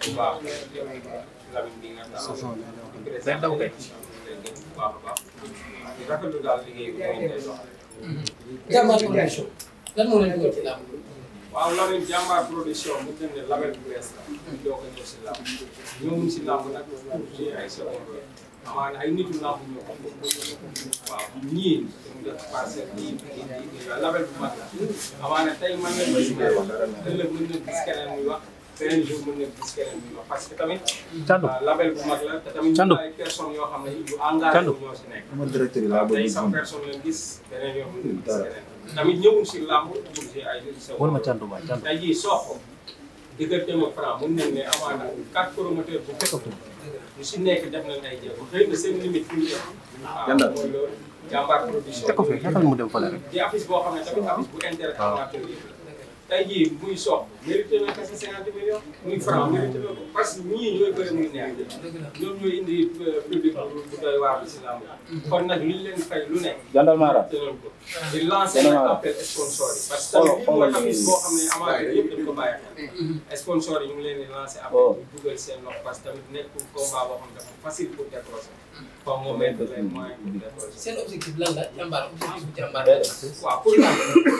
day daw kay. jàmbaar production lan moo leen dugal ci làmb. waaw Lamine jàmbaar production bu ñu ne label bu bees la. doo ko ñëw si làmb. ñëwuñ si làmb nag pour jouer ay secondes. amaana ay nitu làmb ñoo ko. waaw ñii dañu def parcelle ñii ñii ñii label bu mag la. amaana tey mën nañu ko si may wax ëllëg mën na gis keneen muy wax. beneen jour mën nga gis keneen bi parce que tamit. Thiandou euh, label bu mag la te tamit yoo xam ne yu engagé nekk. a gis personne leen gis ne gis keneen. tamit ñëwul si làmb ko diggante ak si nekk def nañ ay jéego xëy na seen limite ah, mu dem fële rek. di affiche boo xam ne tamit affiche bu intérêt. Ah. waaw tey jii muy sox mérité na kese cinquante millions muy franc mérité na ko parce que ñii ñooy bëri muy neex ñoom ñooy indi euh, public bu doy waar si làmb kon nag li ñu leen fay lu nekk jandal maara di lancer nag appel sponsor yi parce que tamit lii mooy tamit boo xam ne amateur yëpp dañ ko bàyyi xel mm-hmm. Mm-hmm. sponsor yi ñu ngi leen di lancer appel ñu dugal seen loxo parce que tamit nekkul combat boo xam dafa facile pour décrocher comme moom lañ lay moyen pour décrocher seen objectif lan la jàmbaar objectif bu jàmbaar waaw pour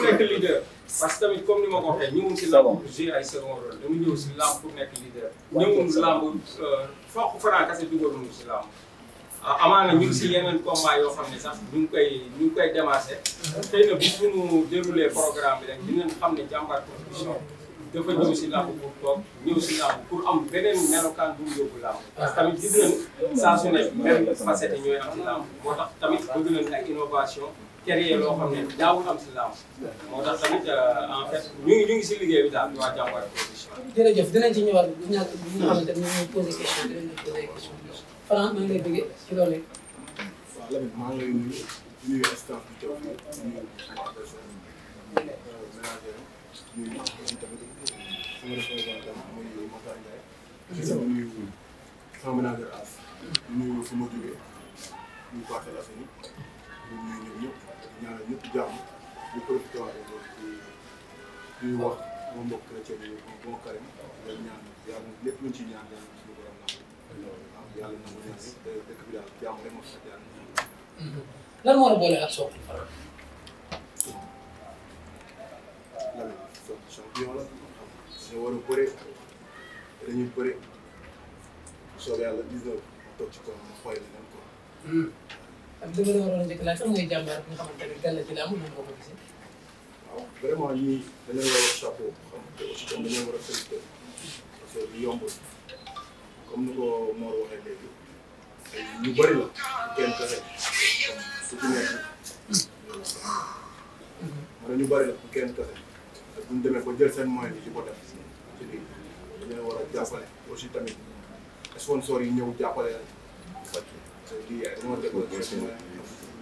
nekk leader parce que tamit comme ni ma ko waxee ñëwul si lamb jouer ay second rôle dama ñëw si lamb pour nekk leader ñëwul lamb euh, fokk Franc kese dugalul si lamb ah, amaana ñu ngi si yeneen combat yoo xam ne sax ñu ngi koy ñu ngi koy démarché xëy na bu suñu déroulé programme bi rek dinañ xam ne jàmbaar contribution dafa ñëw si làmb pour toog ñëw si làmb pour am beneen melokaan bu mu yóbbu làmb parce que tamit gis nañ saa su nekk même facette ñooy am si làmb moo tax tamit bëgg nañ ay innovation créer loo xam ne daawul am si laaw moo tax tamit euh, en fait ñu ngi ñu ngi si liggéey bi daal di waa jàmbaar production. jërëjëf dinañ ci ñëwaat bu ñàkk bu ñu xamante ne ñu posé question dinañ la posé question. Franc maa ngi lay bëggee ci loolu rek. waaw Lamine maa ngi lay nuyu nuyu staff bi teew nuyu ménagère nuyu tamit sama représentant mooy Mata Ndiaye. ci sama nuyu sama ménagère as nuyu sama jógee nuyu Parcelles Assainies di nuyu ñoom ñëpp di ñaanal ñëpp jàmm di profité waale loolu di di wax sama mbokk chrétien bi bon carême di ñaan yàlla lépp luñ ci ñaan yàlla suñu borom na yàlla na mu ñaan te dëkk bi daal jàmm rek moo fi yàlla lan moo la boole ak soxla faral. la la champion la dañoo war a bëree dañuy bëree soo yàlla 19 toog ci kaw ma xoy la leen quoi. ak dëgg la waroon njëkk laaj sax ngay jàmbaar bi nga xamante ne gàll ci la amul ko ko gisee. waaw vraiment ñii dañ leen war a chapeau xam te aussi tam dañ leen war a félicité parce que du yombul comme ni ko Mor waxee léegi ñu bëri la kenn kese su ci nekk mën ñu bëri la bu kenn kese te bu ñu demee ba jël seen moyen yi ci ko def ci biir dañ leen war a jàppale aussi tamit sponsor yi ñëw jàppale rek te lii ay dama def ko ci ma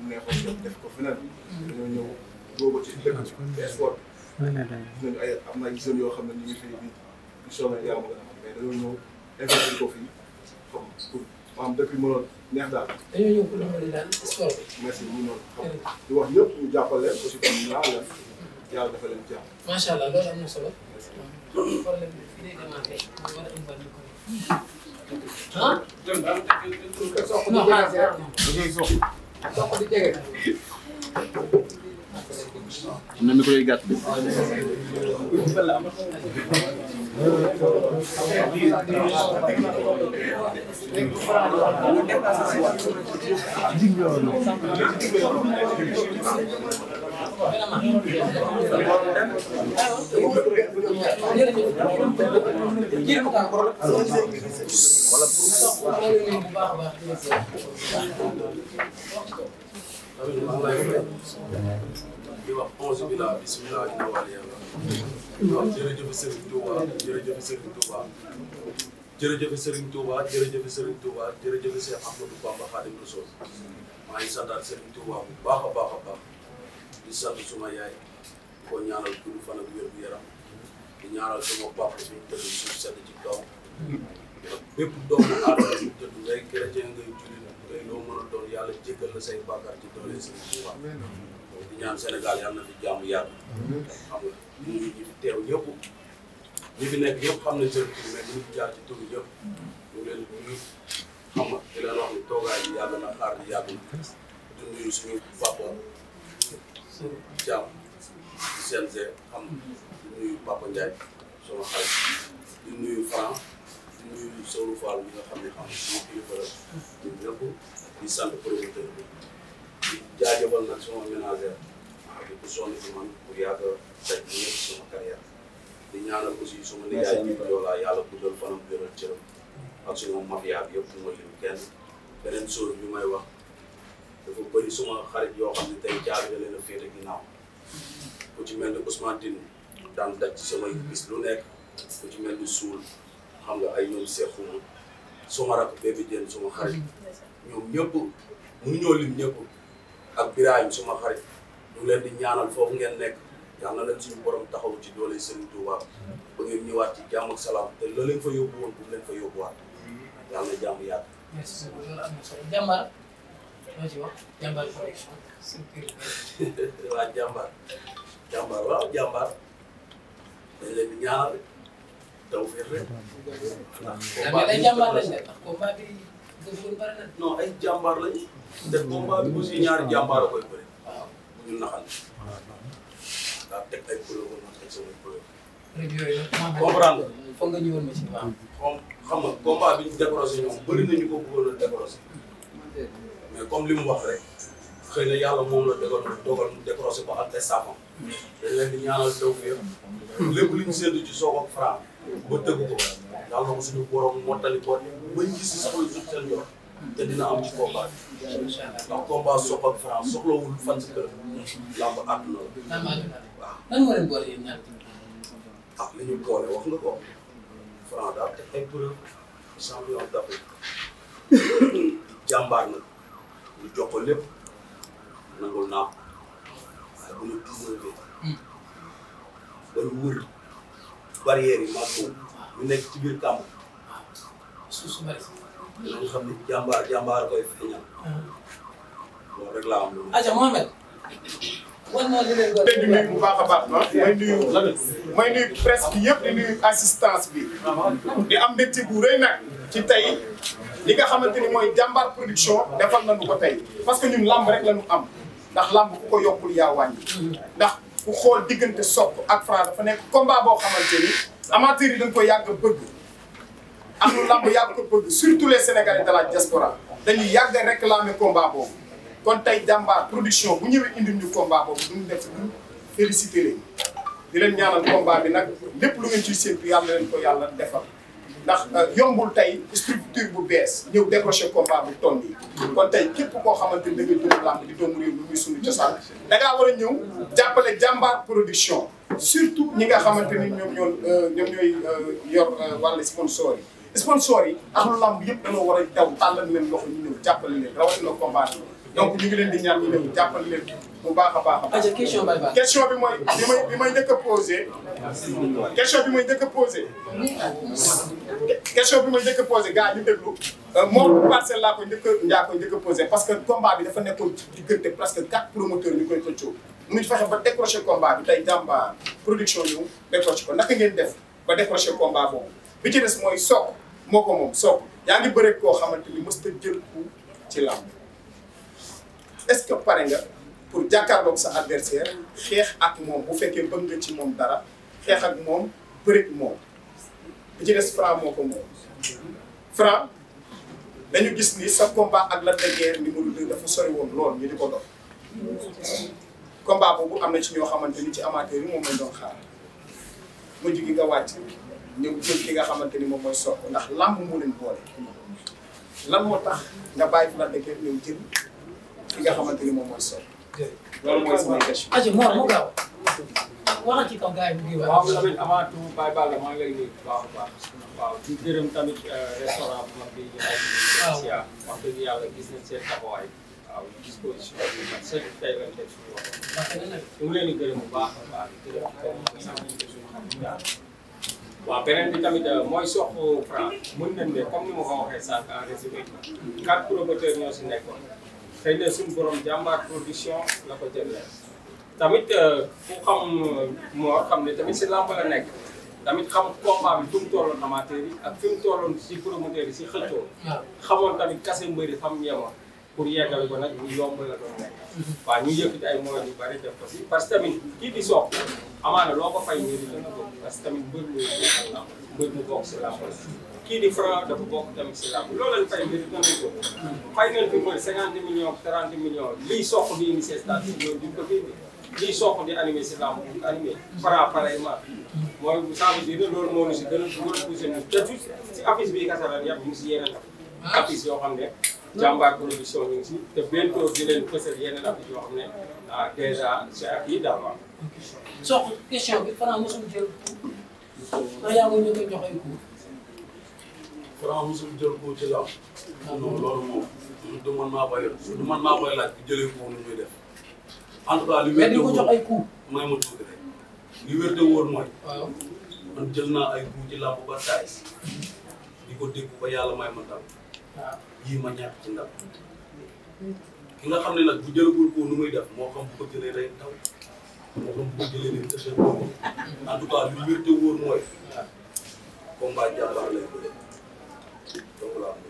neexoon ñoom def ko feneen dañoo ñëw boobu ci dëkk ci sport nañu ay am na ay jeunes yoo xam ne ñu ngi fay bi ñu soobee yàlla nga xam mais dañoo ñëw investir ko fii comme pour maanaam dëkk bi mënoon neex daal dañoo ñëw pour dimbali daal sport bi merci mu noonu xam di wax ñëpp ñu jàppal leen aussi comme laa leen yàlla dafa leen jàpp macha allah loolu am na solo problème bi fii lay démarrer ñu war a ah. non xaaral am na micro wala di wax onze bi la bisimilah dina wàll yàlla waaw jërëjëf Serigne Touba jërëjëf Serigne Touba jërëjëf Serigne Touba jërëjëf Serigne Touba jërëjëf Cheikh Ahmadou Bamba Khadim Rassoul maa ngi santaat Serigne Touba bu baax a baax a baax di sant suma yaay ko ñaanal gudd fan ak wér gu yaram di ñaanal suma papa bi tëdd suuf sedd ci kaw bépp doomu aadama bu tëdd ngay chrétien ngay jullit ngay loo mën a doon yàlla jéggal la say bàkkaar ci doole sëñ Tuubaa di ñaan Sénégal yàlla na fi jàmm yàgg xam nga ñu ñi fi teew ñëpp ñi fi nekk ñëpp xam nañ seen tur mais ñu fi jaar ci tur yëpp ñu leen ñu xam nga di leen wax ni toogaay yi yàgg na xaar yi yàgg na di nuyu suñu papa jàmm di CNG xam nga di nuyu Papa Ndiaye sama xarit di nuyu Franc nuyu Sow Fall bi nga xam ne xam ne sama kilifa la ñun ñëpp di sant promoteur bi di jaajëfal nag sama ménagère waaw di ko sonn ci man pour yàgg daj bi ñëpp sama carrière di ñaanal aussi sama nijaay bi Joola yàlla guddal fanam wéral cëram ak suma mafia bi yëpp bu ma lim kenn beneen chose bi may wax dafa bëri suma xarit yoo xam ne tey jaar nga leen a féete ginnaaw ku ci mel ni Ousmane Tine daan daj ci samay gis lu nekk ku ci mel ni suul xam nga ay ñoom Seexu suma rakk Bébé Diène suma xarit mm-hmm. ñoom ñëpp mënuñoo lim ñëpp ak Birahim suma xarit ñu leen di ñaanal foofu ngeen nekk yal na leen suñu borom taxaw ci doole Sëriñ Tuubaa ba ngeen ñëwaat ci jàmm ak salaam te loo leen bu leen fa yóbbuwaat yal na jàmm yàgg. merci beaucoup jàmbaar leen di ñaanal. tawfeex rek. ndax ay jàmbaar lañ def ndax combat bi gëful bari na. non ay jàmbaar lañ. te combat bi aussi ñaari jàmbaar a koy bëri. waaw bu ñu naxal. daa teg ay kuréel woon ak sama kuréel. comprendre nga. foog nga ñëwoon ma ci waaw. xam nga combat bi ñu décroché ñoom bëri nañu ko bëggoon a décroché. mais comme li mu wax rek. xëy na yàlla moom la dogal dogal mu décroché ko ak des saafam. dañ leen di ñaanal tawfeex lépp li ñu séntu ci soog ak Franc. ba tëgg ko yàlla na ko suñu borom mottali ko ba ñu gis sax lu seen yoon te dina am ci combat bi ndax combat sopp ak France soxlawul fan si la waaw lan moo leen boole yéen ñaar ah li ñu boole wax nga ko France daal te ay preuve champion d'Afrique na ñu jox ko lépp nangul naa ko bu ñu barrières yi maag nekk ci biir kàmb suuf su jàmbaar jàmbaar koy feeñal loolu rek laa am lu aja Mohamed bu baax a baax ah. may nuyu may nuyu yëpp di nuyu assistance bi di am mbégte bu rëy nag ci tey li nga xamante ni mooy jàmbaar production defal nañu ko tey parce que ñun làmb rek lañu am ndax làmb ku ko yokkul yaa wàññi ndax ku xool diggante sopp ak Franc dafa nekk combat boo xamante ni amateurs yi dañ ko yàgg bëgg am lu làmb yàgg ko bëgg surtout les sénégalais de la diaspora dañuy yàgg a réclamer combat boobu kon tey jàmbaar production bu ñëwee indi ñu combat boobu duñ def lu félicité leen di leen ñaanal combat bi nag lépp lu ngeen ciy séntu yàlla leen ko yàlla defal. ndax euh, yombul tey structure bu bees ñëw décroché combat bu toll yi kon tey képp koo xamante ni da ngay dund làmb di doomu réew mi muy suñu cosaan da war a ñëw jàppale jàmbaar production surtout ñi nga xamante ni ñoom ñoo euh, ñoom ñooy euh, yor wàllu sponsor yi sponsor yi ak lu làmb yëpp dañoo war a daw tàllal leen loxo ñu ñëw jàppale leen rawatina combat donc ñu ngi leen di ñaan ñu leen jàppal leen bu baax a baax a baax. question bi mooy bi may bi may njëkk a posé. question bi may njëkk a posé. question bi may njëkk a posé ñu euh, ko njëkk a njaa ko njëkk a posé parce que combat bi dafa nekkoon ci diggante presque quatre promoteurs ñu koy xëccoo. mu fexe ba décroché combat bi tey jàmba production ñu décroché ko naka ngeen def ba décroché combat boobu bi ci des mooy sook moo ko moom sook yaa ngi bëreeg koo xamante ni mës ta jël ko ci làmb. est-ce que pare nga pour jàkkaarloog sa adversaire xeex ak moom bu fekkee bëgg nga ci moom dara xeex ak moom bërit moom bi ci des Franc moo ko moom Franc dañu gis ni sa combat ak la de Guiers numéro dafa sori woon lool ñu di ko dox combat boobu am na ci ñoo xamante ni ci amateur yi moom lañ doon xaar mujj gi nga wàcc ñëw jël ki nga xamante ni moom mooy Sokh ndax làmb moo leen boole lan moo tax nga bàyyi fi Lac de Guiers ñëw jël ki nga xamante ni moom mooy Sokh. loolu mooy sama question. aji Mor mu gaaw waxal ci kaw gars yi mu ngi wax. waaw Lamine avant tout Baye Balla maa ngi lay nuyu bu baax a baax. waaw di gërëm tamit euh, restaurant bu mag bi ñu naan. waaw wax dëgg yàlla gis nañ seen taxawaay. waaw gis ko si wàllu man seen tey lañ teg suñu wax. ñu ngi leen di gërëm bu baax a baax di gërëm di gërëm di waaw beneen bi tamit euh, mooy Sokh Franc mën nañ ne comme ni ma ko waxee sànq en résumé quatre promoteurs ñoo si nekkoon. xëy na suñu borom jàmbaar production la ko jëmee tamit euh, ku xam euh, moo xam ne tamit si làmb la nekk tamit xam combat bi fi mu tolloon amateur yi ak fi mu tolloon si promoteur yi si xëccoo xamoon tamit kase mbëri xam yemoon pour yeggal ko nag ñu yomb la doon nekk waaw ñu yëkkati ay moyens yu bari def parce que tamit kii di soog amaana loo ko fay ñëri ko parce que tamit mbër mu bokk si làmb mu bokk si làmb kii di Franc dafa bokk tamit si làmb loolu lañ fay mbir danañ ko fay nañ fi mooy cinquante millions trente millions di indi seen stade si loolu duñ ko fi liy soq di animé si làmb duñ ko animé Franc pareillement mooy ça veut dire loolu moo ñu si gën a dugal poussé ñu te si affiche bi kasa la yàpp ñu si yeneen affiche yoo xam ne jàmbaar production ñu ngi si te bientôt di leen fësal yeneen affiche yoo xam ne ah dèjà si ak yi daal waaw soq question bi Franc mosul a loolu yaa ngi ñu koy joxe Franc mosul jël ko ci laaw. non loolu moom du du man maa koy laaj jëlee ko nu muy def. en tout cas li wér. mais di ko jox ay coups. may ma tuuti rek li wér de wóor mooy. waaw man jël naa ay coups ci làmb ba taay. di ko dégg ba yàlla may ma ndam. waaw yii ma ñàkk ci ndam. ki nga xam ne nag bu jëlagul ko nu muy def moo xam bu ko jëlee day taw moo xam bu ko jëlee day tëjee en tout cas li wér de wóor mooy. combat jàmbaar lay bëre.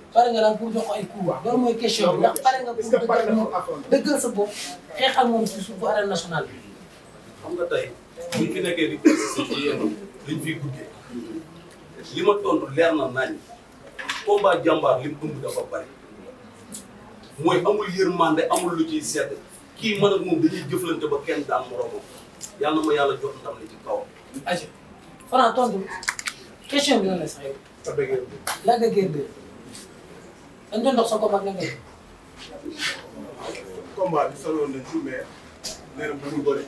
pare nga daal pour jox ko ay coups waaw loolu mooy question bi ndax pare nga pour dëggal moom dëggal sa bopp xeexal moom si suufu arène nationale bi. xam nga tey buñ fi nekkee di ci yéen dañ fiy guddee li ma tontu leer na nañ combat jàmbaar li mu dafa bari mooy amul yërmande amul lu ciy sedd kii man ak moom dañuy jëflante ba kenn daan moromam yàlla ma yàlla jox ndam li ci kawam. ayca Franc tontu question bi lan la sax Lac de Guiers 2. dañ doon dox sa combat nga ngay. combat bi saloon nañ fi mais nee na mënu bëri.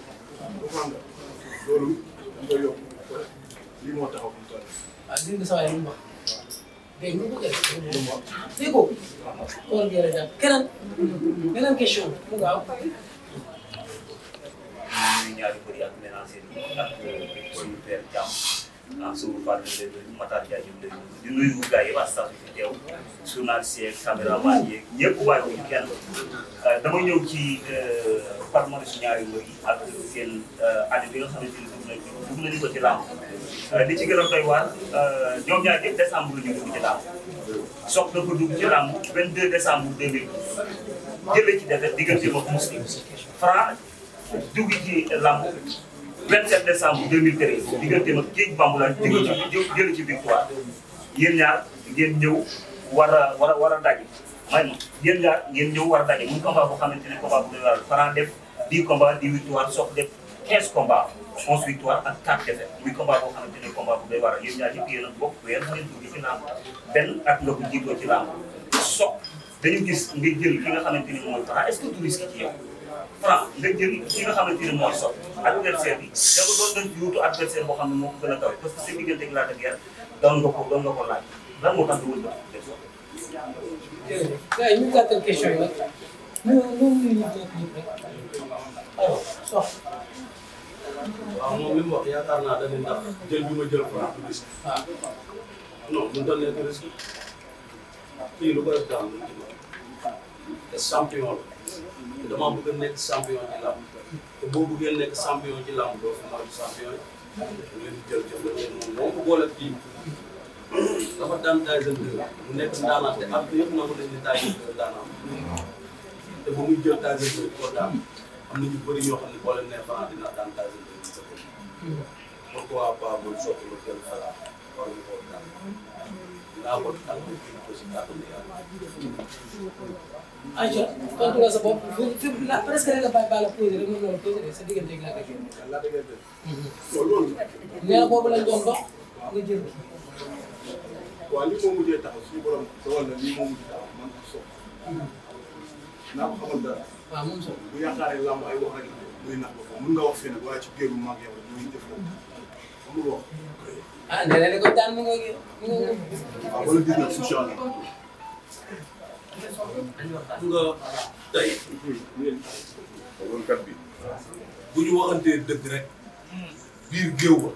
bu xam nga loolu dañ koy yokk lii moo taxaw ñu toll. ah dégg nga sa waay mu wax. dégg nga bu ko defee. ko. kóor gi la jàpp keneen. beneen question mu gaaw. ñaari bëri ak mélancé ak suñu père jàmm. ah Sow Fane lañ leen nuyu Matar Ndiaye ñu ngi leen di nuyu gars yi waa staff bi fi teew journaliste waaye ñu kenn euh, dama ñëw ci euh, palmarès ñaari mbër yi ak seen euh, année bi nga xamante ni dugg nañu dugg nañu ko ci làmb li ci gën a doy waar ñoom ñaar ñëpp décembre la ñu dugg ci làmb soog na ko de ci làmb 22 décembre 2012 jëlee ci defet diggante ma Muslim Franc dugg ci làmb 27 décembre 2013 diggante ma kii Bamboula jël ci victoire yéen ñaar ngeen ñëw war a a a daje may ma yéen ñaar ngeen ñëw war a daje muy combat boo xamante ne combat bu doy Franc def 10 combats 10 victoires Sokh def 15 combats 11 victoires ak 4 défaites muy combat boo xamante ne combat bu doy waar yéen ñaar ñëpp yéen a bokk weer ngeen dugg ci làmb benn at nga ko jiitoo ci làmb Sokh dañu gis nga jël ki nga xamante ne mooy Franc est que du risque Franc nga jël ki nga xamante ni mooy Sokh adversaire bi da nga doon doon yuutu adversaire boo xam ne moo ko gën a kawe parce que seen diggante ak Lac de Guiers doon nga ko doon nga ko laaj lan moo tax ñu wënde def Sokh. jërëjëf gars yi ñu gàttal question yi rek ñu ñu ñu ñu toog ñu rek aywa Sokh. waaw moom li mu wax yaakaar naa dañuy ndax jël bi ma jël Franc du risque. ah non mu doon nekk risque kii lu ko def daal champion la. te damaa bëgg a nekk champion ci làmb te boo bëggee nekk champion ci làmb doo fi mooy champion yi leen jël jël leen moom moo ko boole kii dafa daan Tyson 2 mu nekk ndaanaan te am yëpp nangu nañ ne Tyson 2 daanaan te ba muy jël Tyson 2 ko daan am na ñu bëri ñoo xam ne boo leen nee Franc dina daan Tyson 2 pourquoi pas bul soppi lu kenn xalaat war nga koo daan laabot ak aussi jàppale yàlla. ayca tontu nga sa bopp la presque nga bàyyi baala posé rek moom la posé rek sa diggante ak laata ngeen. nee na boobu lañ doon dox nga jël kii. waaw li moo mujjee taxaw suñu borom dogal na lii moo mujj taxaw man ak Sow. naa ko xamal dara. waaw moom Sow bu yaakaaree làmb ay wax rek muy nax ba fa mun nga wax fii nag waaye ci géeru mag yow rek muy def loolu amul wax. ah nee na ko daan mu ngi. waaw wala gis nga suuf nga kat bi. bu ñu waxantee dëgg rek. biir géew ba.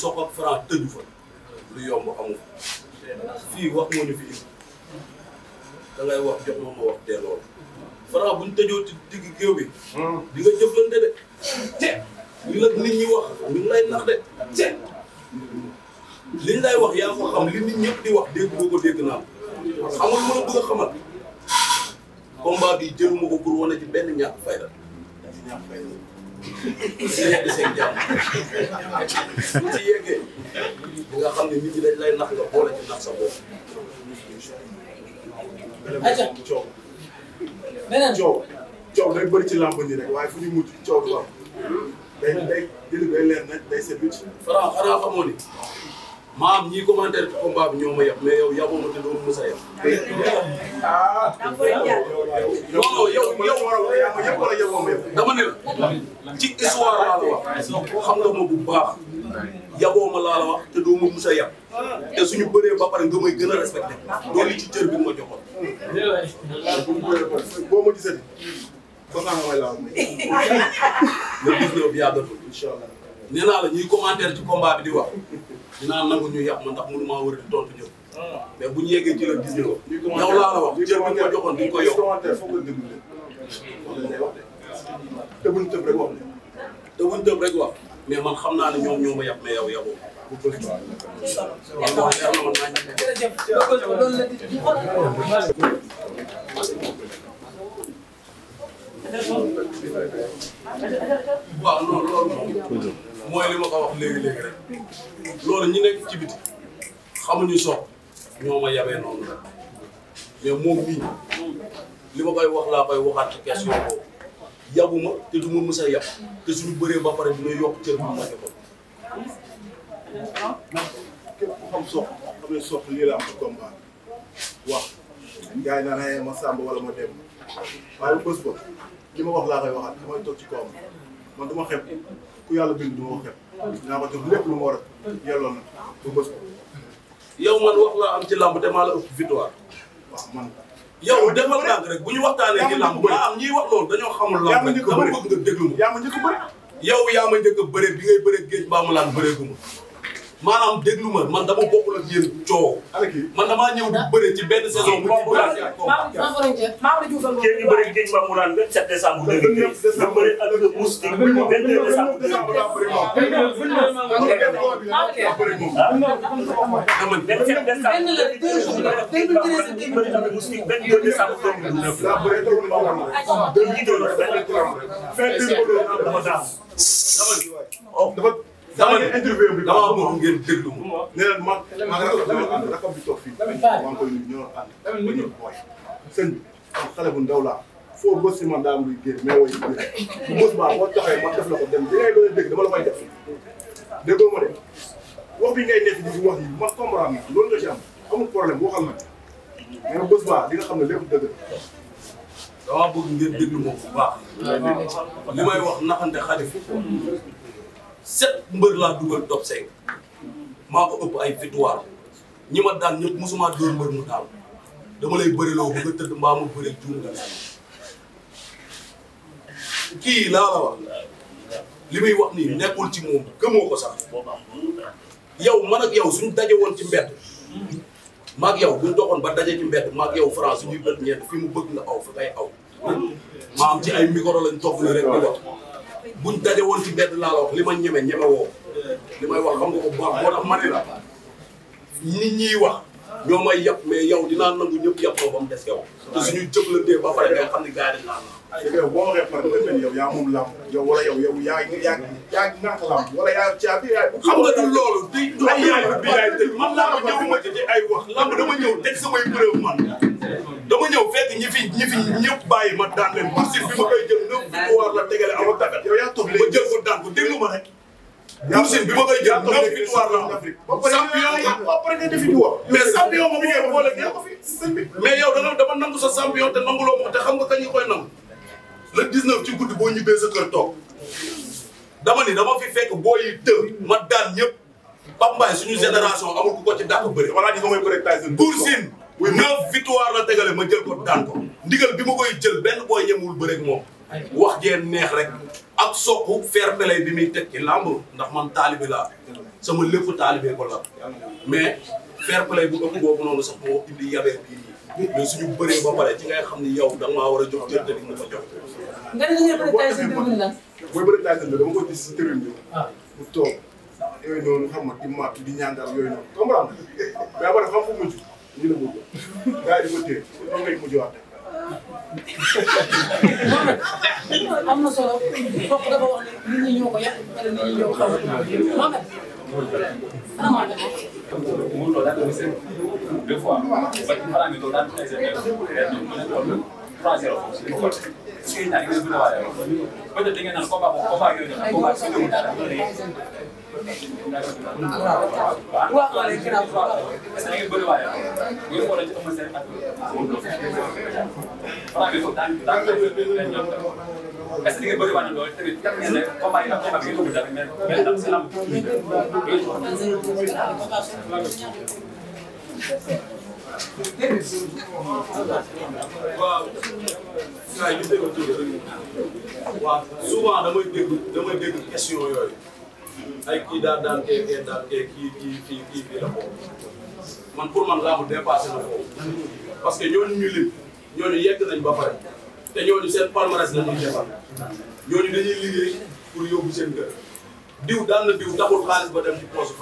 Sokh ak Franc tëju fa. lu yomb amul. fii wax moo ñu fi indi. wax jox moom ma wax delloo. Franc bu ñu tëjoo ci géew bi. Hmm. di jëflante de. te li la nit ñi wax ñu ngi nax de. te. li lay wax yaa ko xam li nit ñëpp di wax dégg boo ko dégg naa a bëgg a xamal combat bi jëluma ko pour wane ci benn ñàkk ci xam ne nit ñi dañ lay nax nga boole ci nax sa bopp aca coow beneen coow coow ci làmb ni rek waaye fu ñu mujj coow du am hmm. day day jëli day leer na day set wicc Franc xanaa xamoo ni maam ñi commentaire ci combat bi ñoo ma yab mais yow yaboo ma te doo mës a yab. non non ma yab dama ne la ci histoire laa la wax xam nga ma bu baax yaboo ma laa la te doo ma mës a yab te suñu ba pare nga may gën a respecté doo li ci cër bi ma joxoon. boo laa la ñuy commentaire ci combat di wa dinaa nangu ñu yàq ma ndax mënu maa war a di tontu ñëpp. Ah. mais bu ñu yeggee ci la gis nga. yow laa la wax jël bi ñu ko joxoon di ko yow. te buñ tëb rek wax de. te buñ tëb rek wax. mais man xam naa ne ñoom ñoo ma yàq mais yow yàqoo. waaw non loolu moom. mooy li ma ko wax léegi léegi rek loolu ñi nekk ci biti xamuñu soog ñoo ma yabee noonu rek mais moom mii li ma koy wax laa koy waxaat ci question ma mës a suñu bëree ba pare dina yokk cër bu ma ko ndax képp ku xam sox wala ma dem waaye bés ba li ma wax laa koy waxaat damay man du ma ku yàlla bind du ma wax lépp dinaa ko jox lépp lu moo war a yelloo na ba bës ko yow man wax laa am ci làmb te maa la ëpp victoire man yow defal ndànk rek bu ñu waxtaanee ci làmb maa am ñiy wax loolu dañoo xamul làmb rek dama bëgg nga déglu ma yow yaa ma njëkk a bëre bi ngay bëre géej baa mu laan bu ma maanaam déglu ma man dama bokkul ak yéen coow. man damaa ñëw di bëre ci benn saison. bu ñu bëri maa maa war a jël maa war a juutal. kii ñu bëri géej ba mu naan 27 décembre. 29 décembre nga bëri ak le mousse. 22 décembre. décembre. décembre. décembre. dama ne dama bëgg ngeen déglu ma. nee na ma ma rakam bi toog fii maa ngi koy nuyu ñoo ànd ba ñu booy. sëñ bi xale bu ndaw laa foo bës si man daa am luy génn mais woy bu bës baa boo taxee ma def la ko dem dangay doon dégg dama la koy def déggoo ma de wax bi ngay nekk di wax yi ma comprendre na loolu nga ci am amul problème waxal ma mais bës baa di nga xam ne lépp dëgg la. dama bëgg ngeen déglu moom bu baax. li may wax naxante xale sept mbër laa duggal top cinq maa ko ëpp ay victoire ñi ma daan ñëpp mosuma dóor mbër mu daal dama lay bëriloo bu nga tëdd mbaa mu bëri juum nga kii laa wax li muy wax nii nekkul ci moom gëmoo ko sax yow man ak yow suñu daje woon ci mbedd maag bu buñ doxoon ba daje ci mbedd maag yow France suñuy bët ñeent fi mu bëgg nga aw fa ngay aw am ci ay micro lañ toog rek di wax buñ daje woon ci bedd laa la wax li ma ñeme ñeme woo li may wax xam nga ko bu baax moo tax ma la nit ñiy wax ñoo may yàpp mais yow dinaa nangu ñëpp yàpp ko des yow. te suñu jëflantee ba pare ngay naan. c'est que boo waxee par exemple yow yaa moom làmb yow wala yow yow yaa yaa yaa ñàkk làmb wala xam nga du loolu. ay yaay bi yaay tëj man làmb ñëw ma ci ay wax làmb dama ñëw teg samay dama ñëw fekk ñi fi ñi fi ñëpp bàyyi ma daan leen bourse bi ma koy jël neuf victoire la tegale ama takat ma jël ko daan ko déglu ma rek bourse bi ma koy jël neuf ma ngeen boole mais yow danga dama nangu sa champion te nanguloo ma te xam nga kañ ñu koy nangu le 19 ci boo ñibbee sa kër toog dama ni dama fi fekk boo yi ma daan ñëpp Pape Mbaye suñu génération amul ku ko ci dàq bëri wala ñu ko mooy bëri Tyson bu neuf victoire la tegale ma jël ko daan ko ndigal bi ma koy jël benn koo ñemul bëreeg moom wax jee neex rek ak soq fair play bi muy teg ci làmb ndax man taalibe laa sama lépp taalibe ko la mais fair play bu ëpp boobu noonu sax moo indi yabee bii mais suñu bëree ba pare ci ngay xam ni yow da nga war a jox jël te di nga ko jox nga ne nga bëri taay bi la booy bëri taay bi dama si tribune bi bu ah. toog yooyu noonu xam nga di màtt di ñaanal yooyu noonu comprendre mais après xam fu mujj ñu la mujj gars yi di ko téye ñoom ngay mujj waat. am na solo kooku dafa wax ne nit ñi ñoo ko yàq wala nit ñi ñoo ko xaw a. Mohamed. deux fois. ba ci faral di toog daal di ko cikin da ake zuwa da wanda take nan ko ba ko ba yau da ko ba su da mutane wa ma ne kira fa sai gudu wa ya gudu ko da ta mun sai ka ba bi ko dan dan Kasi tingin ba naman doon? Kasi kumain ako kami kung dami meron. Meron lang sila. Wow. saa yi ñu déggoon tuuti rek waaw souvent damay dégg damay dégg question yooyu ay kii daal daan kee kii kii kii kii la man pour man laa mu dépassé na foofu parce que ñooñu ñu lim ñooñu yegg nañ ba pare te ñooñu seen palmarès la ñuy defar ñooñu dañuy liggéey pour yóbbu seen kër diw daan na diw taxul xaalis ba dem ci poche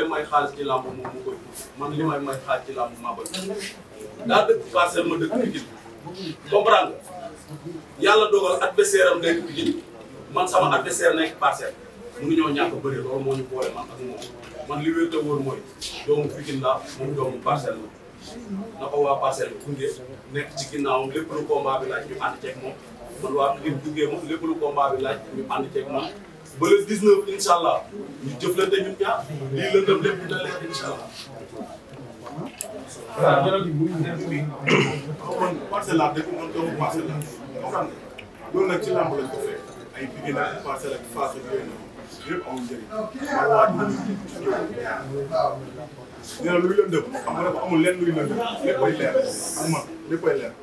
li may xaalis ci làmb moom mu koy man li may may xaalis ci làmb maa bëgg daa dëkk parcelle ma dëkk comprendre yàlla dogal adversaire am nekk Pikine man sama adversaire nekk Parcelles mu ñoo ñàkk bëri loolu moo ñu boole man ak moom man li wér te wóor mooy doomu Pikine la moom doomu Parcelles la na ko waa Parcelles gunge nekk ci ginnaawam lépp lu combat bi laaj ñu ànd ceeg moom man waa Pikine gunge moom lépp lu combat bi laaj ñu ànd ceeg moom ba le 19 incha allah ñu jëflante ñun ñaar lii lëndëm lépp dina leer incha allah waaw jërëjëf bu ñu. kon parcelle la dëkk man doomu parcelle la. xam nga loolu nag ci làmb lañ ko fekk ay bigg na parcelle ak face ak yooyu noonu yëpp amul njëriñ. maa waaj ma nee na luy lëndëm xam nga dafa amul lenn luy lëndëm léppay leer ak man léppay leer.